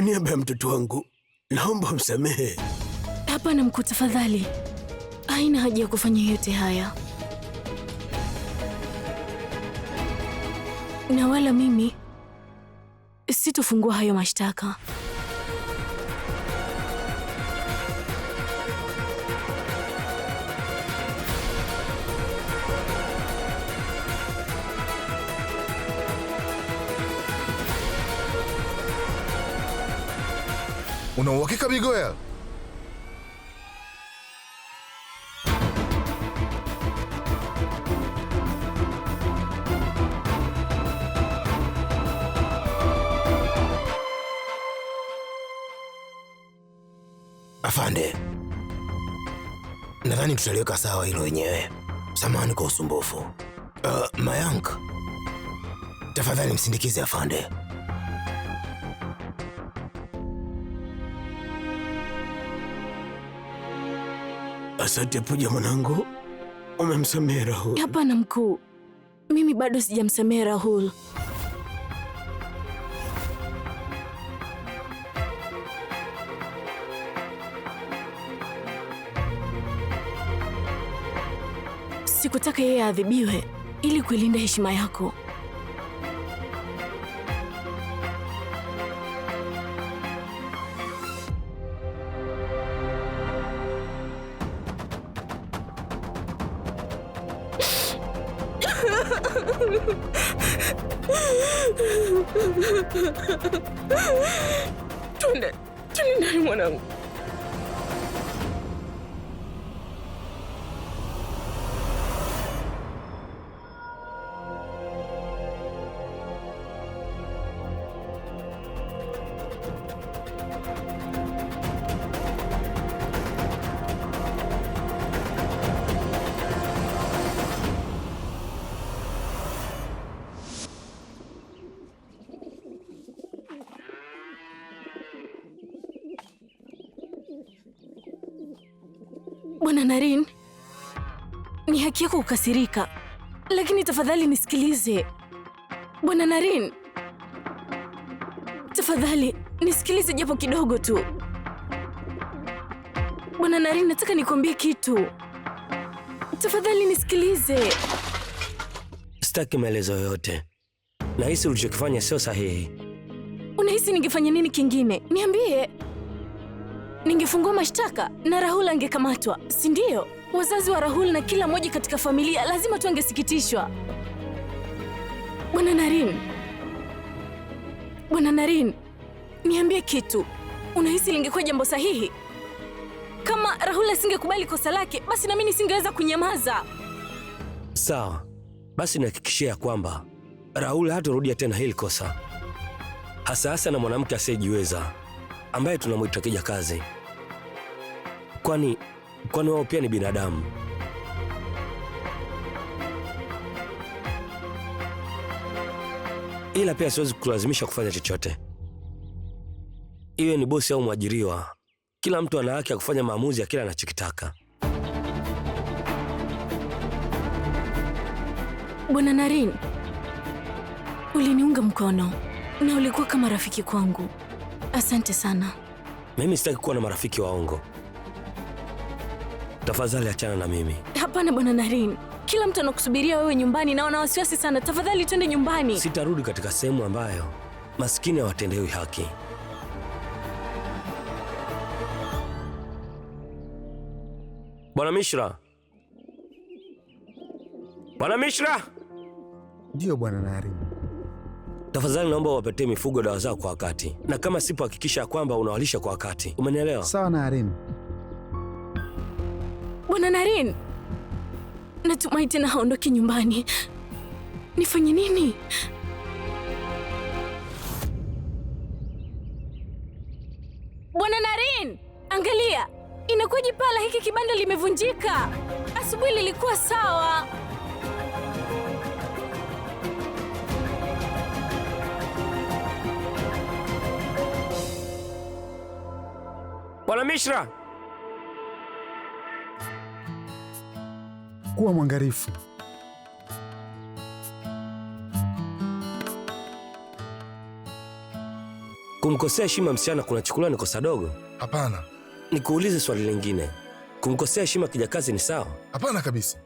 Kwa niaba ya mtoto wangu naomba msamehe. Hapana mkuu, tafadhali, haina haja ya kufanya yote haya, na wala mimi sitofungua hayo mashtaka. Una uhakika Miguel? Afande, nadhani tutaliweka sawa hilo wenyewe. Samahani kwa usumbufu. Uh, Mayank, tafadhali msindikize afande. Asante Puja mwanangu, umemsamehe Rahul. Hapana mkuu, mimi bado sijamsamehe Rahul. Sikutaka yeye aadhibiwe ili kuilinda heshima yako. Bwana Naren, ni haki yako kukasirika, lakini tafadhali nisikilize. Bwana Naren, tafadhali nisikilize japo kidogo tu. Bwana Naren, nataka nikwambie kitu, tafadhali nisikilize. Sitaki maelezo yoyote. Nahisi ulichokifanya sio sahihi. Unahisi ningefanya nini kingine? Niambie ningefungua mashtaka na Rahul angekamatwa, si ndio? Wazazi wa Rahul na kila mmoja katika familia lazima tu angesikitishwa. Bwana Naren, Bwana Naren, niambie kitu, unahisi lingekuwa jambo sahihi? Kama Rahul asingekubali kosa lake, basi nami nisingeweza kunyamaza. Sawa basi, nahakikishia kwamba Rahul hatorudia tena hili kosa, hasa hasa na mwanamke asiyejiweza ambaye tunamwita kijakazi, kwani kwani wao pia ni binadamu. Ila pia siwezi kulazimisha kufanya chochote, iwe ni bosi au mwajiriwa. Kila mtu ana haki ya kufanya maamuzi ya kila anachokitaka. Bwana Naren, uliniunga mkono na ulikuwa kama rafiki kwangu. Asante sana. Mimi sitaki kuwa na marafiki waongo. Tafadhali achana na mimi. Hapana bwana Naren, kila mtu anakusubiria wewe nyumbani na wana wasiwasi sana. Tafadhali twende nyumbani. Sitarudi katika sehemu ambayo maskini hawatendewi haki. Bwana Mishra, bwana Mishra. Ndio bwana Naren. Tafadhali naomba uwapetee mifugo dawa zao kwa wakati, na kama sipo, hakikisha kwamba unawalisha kwa wakati. Umenielewa? Sawa Naren. Bwana Naren, natumai tena haondoki nyumbani. Nifanye nini? Bwana Naren, angalia, inakuwaje pala hiki kibanda limevunjika? Asubuhi lilikuwa sawa. Bwana Mishra, kuwa mwangalifu. Kumkosea heshima msichana kunachukuliwa ni kosa dogo? Hapana. Nikuulize swali lingine, kumkosea heshima kijakazi ni sawa? Hapana kabisa.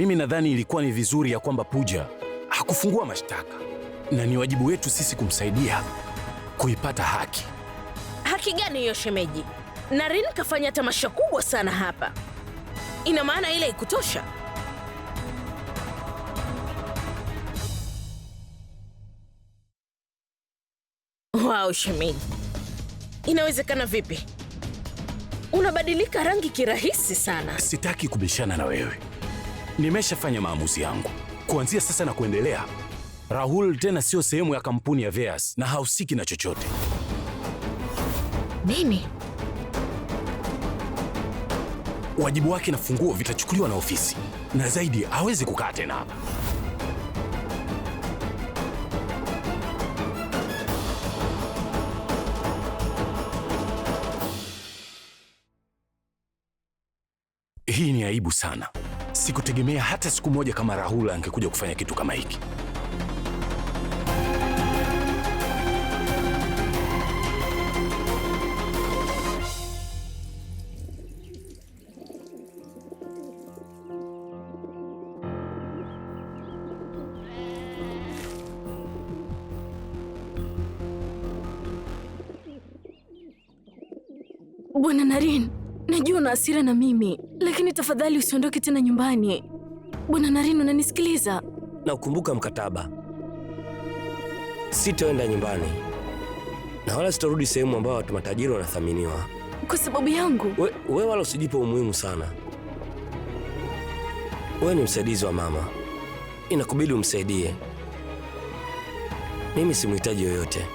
Mimi nadhani ilikuwa ni vizuri ya kwamba puja hakufungua mashtaka na ni wajibu wetu sisi kumsaidia kuipata haki. Haki gani hiyo shemeji? Naren kafanya tamasha kubwa sana hapa, ina maana ile ikutosha? Wow, shemeji, inawezekana vipi? Unabadilika rangi kirahisi sana. Sitaki kubishana na wewe. Nimeshafanya maamuzi yangu. Kuanzia sasa na kuendelea, Rahul tena sio sehemu ya kampuni ya Veas na hausiki na chochote. Nini? Wajibu wake na funguo vitachukuliwa na ofisi, na zaidi hawezi kukaa tena hapa. Hii ni aibu sana. Sikutegemea hata siku moja kama Rahula angekuja kufanya kitu kama hiki. Bwana Naren, najua una hasira na mimi lakini tafadhali usiondoke tena nyumbani. Bwana Naren, unanisikiliza? Na ukumbuka mkataba, sitoenda nyumbani na wala sitorudi sehemu ambayo watu matajiri wanathaminiwa kwa sababu yangu. We, we wala usijipe umuhimu sana. Wewe ni msaidizi wa mama, inakubidi umsaidie. Mimi simhitaji yoyote.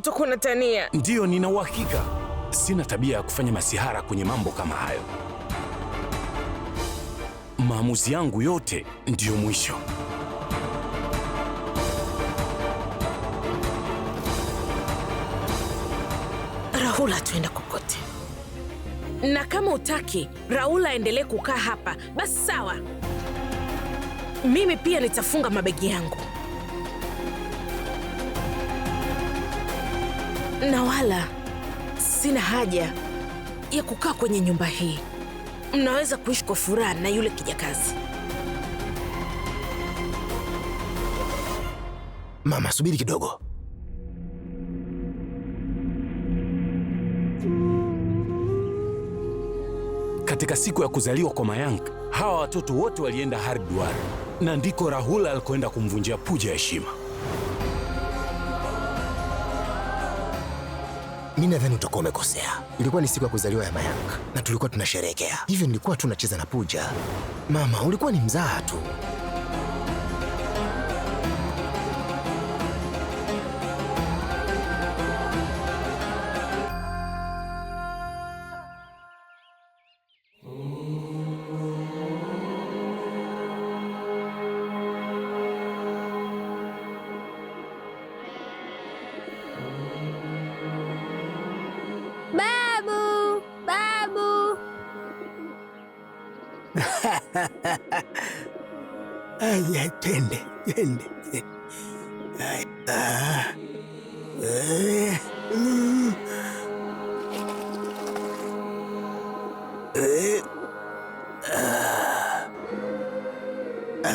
utakuwa na tania. Ndiyo, nina uhakika. Sina tabia ya kufanya masihara kwenye mambo kama hayo. Maamuzi yangu yote ndiyo mwisho. Rahul hatuenda kokote, na kama utaki Rahul aendelee kukaa hapa, basi sawa, mimi pia nitafunga mabegi yangu. na wala sina haja ya kukaa kwenye nyumba hii. Mnaweza kuishi kwa furaha na yule kijakazi. Mama, subiri kidogo. Katika siku ya kuzaliwa kwa Mayank, hawa watoto wote walienda Haridwar na ndiko Rahul alikoenda kumvunjia puja heshima. Mi nadhani utakuwa umekosea. Ilikuwa ni siku ya kuzaliwa ya Mayank na tulikuwa tunasherehekea, hivyo nilikuwa tu nacheza na Puja. Mama, ulikuwa ni mzaha tu.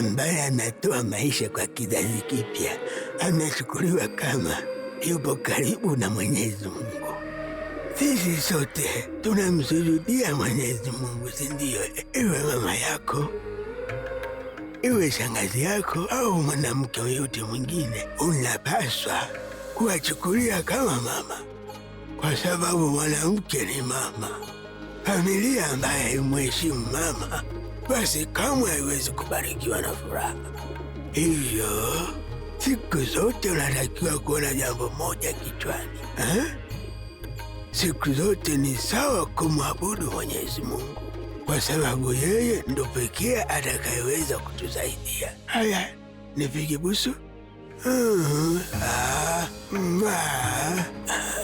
ambaye anatoa maisha kwa kizazi kipya anachukuliwa kama yupo karibu na Mwenyezi Mungu. Sisi sote tunamsujudia Mwenyezi Mungu, si ndio? Iwe mama yako, iwe shangazi yako, au mwanamke yoyote mwingine, unapaswa kuwachukulia kama mama, kwa sababu mwanamke ni mama. Familia ambaye imheshimu mama basi kamwe haiwezi kubarikiwa na furaha. Hivyo siku zote unatakiwa kuona jambo moja kichwani ha? Eh? Siku zote ni sawa kumwabudu Mwenyezi Mungu kwa sababu yeye ndo pekee atakayeweza kutusaidia. Haya, nipige busu. uh mm-hmm. -huh. ah. Mm-hmm. ah.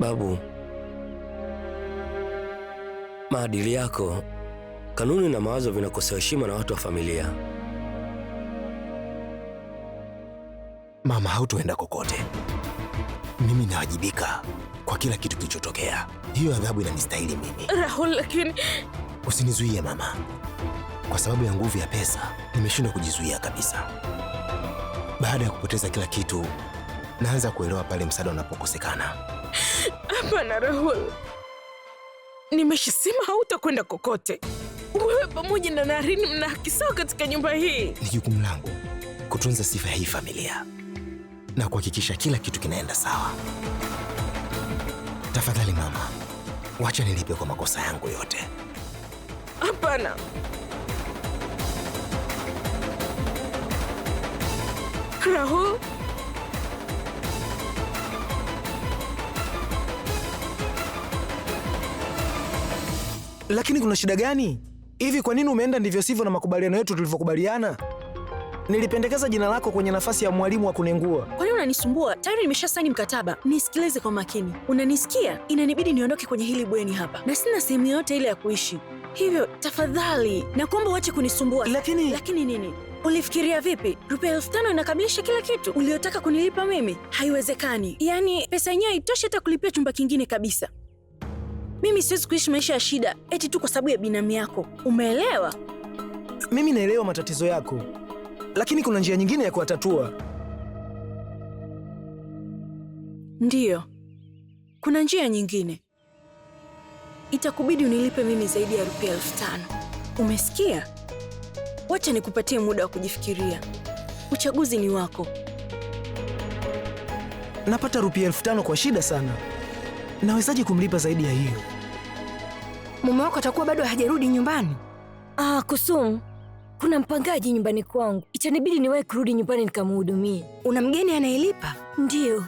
Babu, maadili yako, kanuni na mawazo vinakosa heshima na watu wa familia. Mama, hautoenda kokote. Mimi nawajibika kwa kila kitu kilichotokea. Hiyo adhabu inanistahili mimi. Rahul, lakini usinizuie mama, kwa sababu ya nguvu ya pesa nimeshindwa kujizuia kabisa. Baada ya kupoteza kila kitu, naanza kuelewa pale msaada unapokosekana. Hapana Rahul, nimeshisima, hautakwenda kokote. Wewe pamoja na Naren mna haki sawa katika nyumba hii. Ni jukumu langu kutunza sifa ya hii familia na kuhakikisha kila kitu kinaenda sawa. Tafadhali mama, wacha nilipe kwa makosa yangu yote. Hapana. Rahul Lakini kuna shida gani? Hivi kwa nini umeenda ndivyo sivyo na makubaliano yetu tulivyokubaliana? Nilipendekeza jina lako kwenye nafasi ya mwalimu wa kunengua. Kwa nini unanisumbua? Tayari nimesha saini mkataba. Nisikilize kwa makini, unanisikia? Inanibidi niondoke kwenye hili bweni hapa, na sina sehemu yoyote ile ya kuishi, hivyo tafadhali nakuomba uache kunisumbua. Lakini... lakini nini? Ulifikiria vipi? Rupiah elfu tano inakamilisha kila kitu uliotaka kunilipa mimi? Haiwezekani! Yaani pesa yenyewe haitoshi hata kulipia chumba kingine kabisa. Mimi siwezi kuishi maisha ya shida eti tu kwa sababu ya binamu yako, umeelewa? Mimi naelewa matatizo yako, lakini kuna njia nyingine ya kuwatatua. Ndiyo, kuna njia nyingine. Itakubidi unilipe mimi zaidi ya rupia elfu tano. Umesikia? Wacha nikupatie muda wa kujifikiria. Uchaguzi ni wako. Napata rupia elfu tano kwa shida sana. Nawezaje kumlipa zaidi ya hiyo? Mume wako atakuwa bado hajarudi nyumbani. Ah, Kusumu, kuna mpangaji nyumbani kwangu, itanibidi niwahi kurudi nyumbani nikamhudumie. Una mgeni anayelipa? Ndiyo,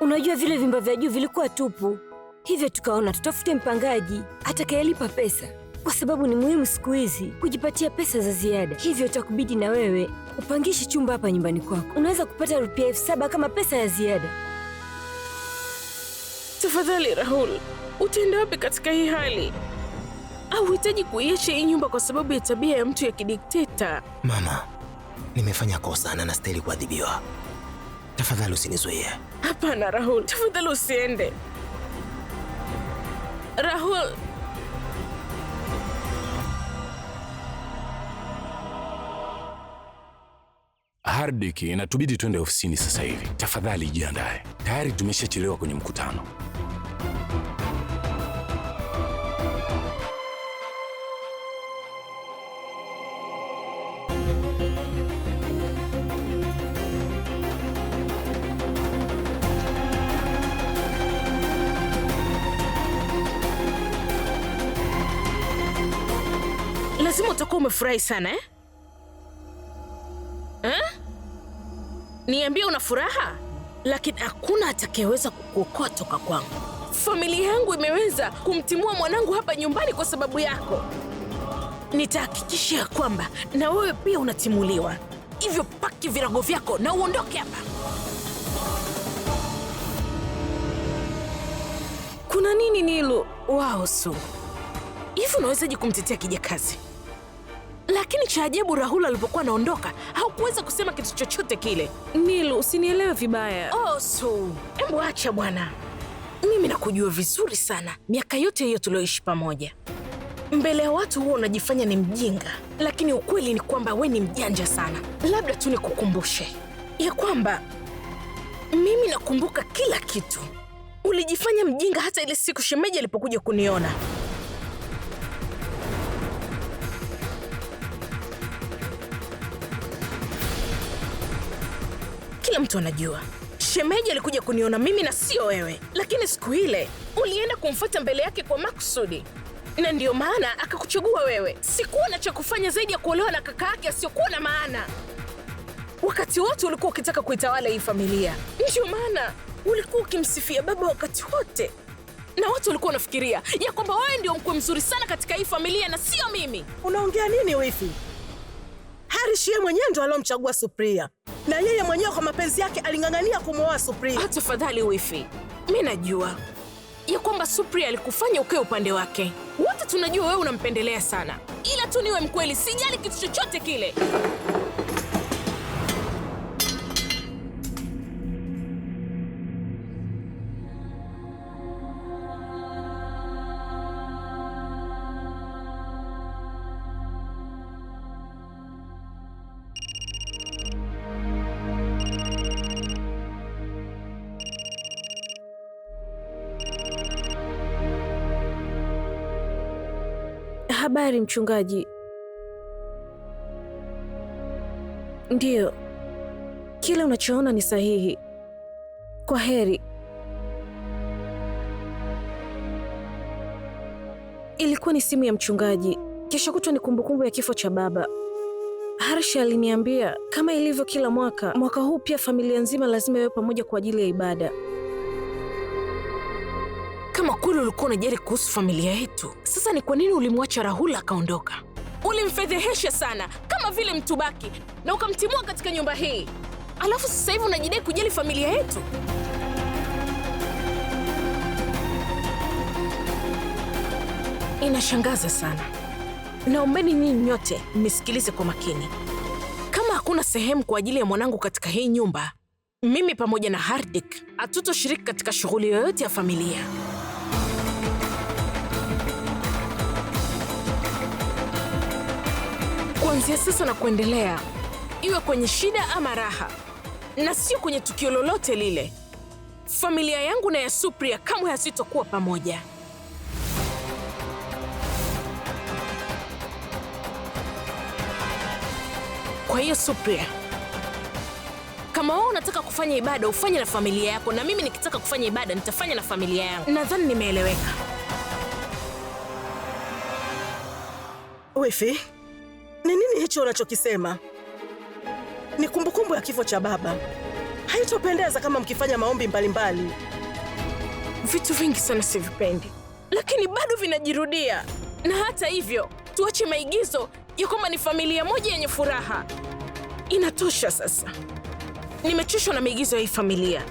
unajua vile vyumba vya juu vilikuwa tupu, hivyo tukaona tutafute mpangaji atakayelipa pesa, kwa sababu ni muhimu siku hizi kujipatia pesa za ziada. Hivyo itakubidi na wewe upangishe chumba hapa nyumbani kwako. Unaweza kupata rupia elfu saba kama pesa ya ziada. Tafadhali Rahul, utaenda wapi katika hii hali? Hauhitaji kuiacha hii nyumba kwa sababu ya tabia ya mtu ya kidikteta. Mama, nimefanya kosa na nastahili kuadhibiwa. Tafadhali usinizuie. Hapana Rahul, tafadhali usiende. Rahul, Hardiki, inatubidi twende ofisini sasa hivi. Tafadhali jiandae, tayari tumeshachelewa kwenye mkutano. Unafurahi sana eh? Eh? Niambie una furaha, lakini hakuna atakayeweza kukuokoa toka kwangu. Familia yangu imeweza kumtimua mwanangu hapa nyumbani kwa sababu yako. Nitahakikisha ya kwamba na wewe pia unatimuliwa. Hivyo paki virago vyako na uondoke hapa. Kuna nini Nilu? Wao su hivi unawezaje kumtetea kijakazi? Lakini cha ajabu, Rahul alipokuwa anaondoka haukuweza kusema kitu chochote kile. Nil, usinielewe vibaya. Oh, Su, hebu acha bwana, mimi nakujua vizuri sana, miaka yote hiyo tulioishi pamoja. Mbele ya watu huwa unajifanya ni mjinga, lakini ukweli ni kwamba we ni mjanja sana. Labda tu nikukumbushe ya kwamba mimi nakumbuka kila kitu. Ulijifanya mjinga hata ile siku shemeji alipokuja kuniona. kila mtu anajua. Shemeji alikuja kuniona mimi na sio wewe, lakini siku ile ulienda kumfuata mbele yake kwa makusudi, na ndiyo maana akakuchagua wewe. Sikuwa na cha kufanya zaidi ya kuolewa na kaka yake asiyokuwa na maana. Wakati wote ulikuwa ukitaka kuitawala hii familia, ndio maana ulikuwa ukimsifia baba wakati wote, na watu walikuwa wanafikiria ya kwamba wewe ndio mkwe mzuri sana katika hii familia na sio mimi. Unaongea nini wifi? harishie mwenyewe ndo alomchagua supria na yeye mwenyewe kwa mapenzi yake aling'ang'ania kumwoa Supri. Ah, tafadhali wifi, mi najua ya kwamba Supri alikufanya ukae upande wake. Wote tunajua wewe unampendelea sana, ila tu niwe mkweli, sijali kitu chochote kile. Habari mchungaji. Ndiyo, kile unachoona ni sahihi. Kwa heri. Ilikuwa ni simu ya mchungaji. Kesho kutwa ni kumbukumbu ya kifo cha baba. Harsha aliniambia kama ilivyo kila mwaka, mwaka huu pia familia nzima lazima iwe pamoja kwa ajili ya ibada kweli ulikuwa unajali kuhusu familia yetu. Sasa ni kwa nini ulimwacha Rahul akaondoka? Ulimfedhehesha sana kama vile mtubaki na ukamtimua katika nyumba hii, alafu sasa hivi unajidai kujali familia yetu. Inashangaza sana. Naombeni nyinyi nyote mnisikilize kwa makini. Kama hakuna sehemu kwa ajili ya mwanangu katika hii nyumba, mimi pamoja na Hardik hatutoshiriki katika shughuli yoyote ya familia. kuanzia sasa na kuendelea, iwe kwenye shida ama raha, na sio kwenye tukio lolote lile, familia yangu na ya Supriya kamwe hasitokuwa pamoja. Kwa hiyo Supriya, kama wewe unataka kufanya ibada ufanye na familia yako, na mimi nikitaka kufanya ibada nitafanya na familia yangu. Nadhani nimeeleweka hicho unachokisema ni kumbukumbu ya kifo cha baba. Haitopendeza kama mkifanya maombi mbalimbali mbali. Vitu vingi sana sivipendi, lakini bado vinajirudia. Na hata hivyo, tuache maigizo ya kwamba ni familia moja yenye furaha. Inatosha sasa, nimechoshwa na maigizo ya hii familia.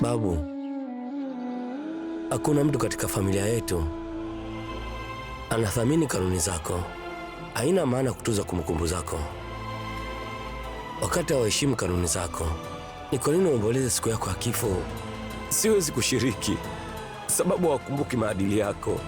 Babu, hakuna mtu katika familia yetu anathamini kanuni zako. Haina maana kutuza kumbukumbu zako wakati hawaheshimu kanuni zako. Ni kwa nini uomboleze siku yako ya kifo? Siwezi kushiriki sababu hawakumbuki maadili yako.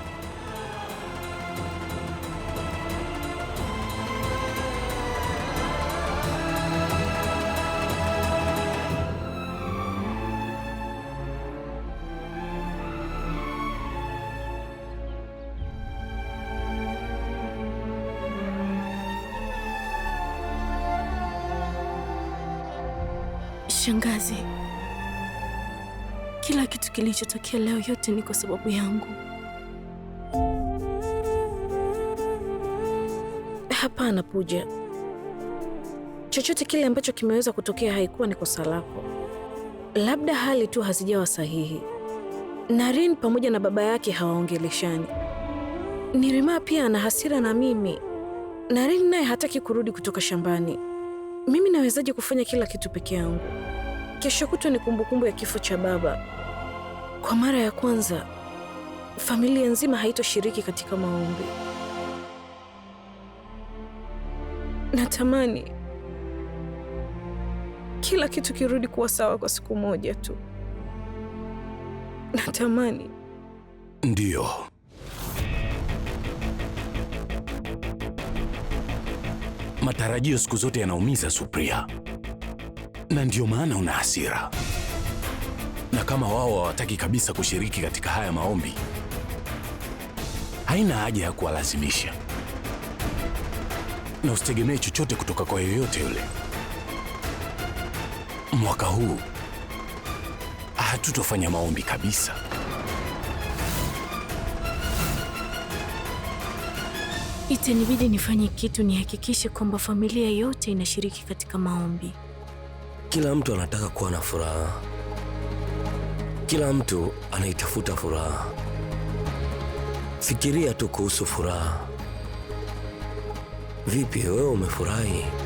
Shangazi, kila kitu kilichotokea leo yote ni kwa sababu yangu. Hapana puja chochote kile ambacho kimeweza kutokea haikuwa ni kosa lako, labda hali tu hazijawa sahihi. Naren pamoja na baba yake hawaongeleshani. Nirima pia ana hasira na mimi. Naren naye hataki kurudi kutoka shambani. Mimi nawezaje kufanya kila kitu peke yangu? Kesho kutwa ni kumbukumbu ya kifo cha baba. Kwa mara ya kwanza, familia nzima haitoshiriki katika maombi. Natamani kila kitu kirudi kuwa sawa kwa siku moja tu. Natamani. Ndiyo, matarajio siku zote yanaumiza, Supriya, na ndiyo maana una hasira. Na kama wao hawataki kabisa kushiriki katika haya maombi, haina haja ya kuwalazimisha, na usitegemee chochote kutoka kwa yoyote yule. Mwaka huu hatutofanya maombi kabisa. itanibidi nifanye kitu nihakikishe kwamba familia yote inashiriki katika maombi. Kila mtu anataka kuwa na furaha, kila mtu anaitafuta furaha. Fikiria tu kuhusu furaha. Vipi, wewe umefurahi?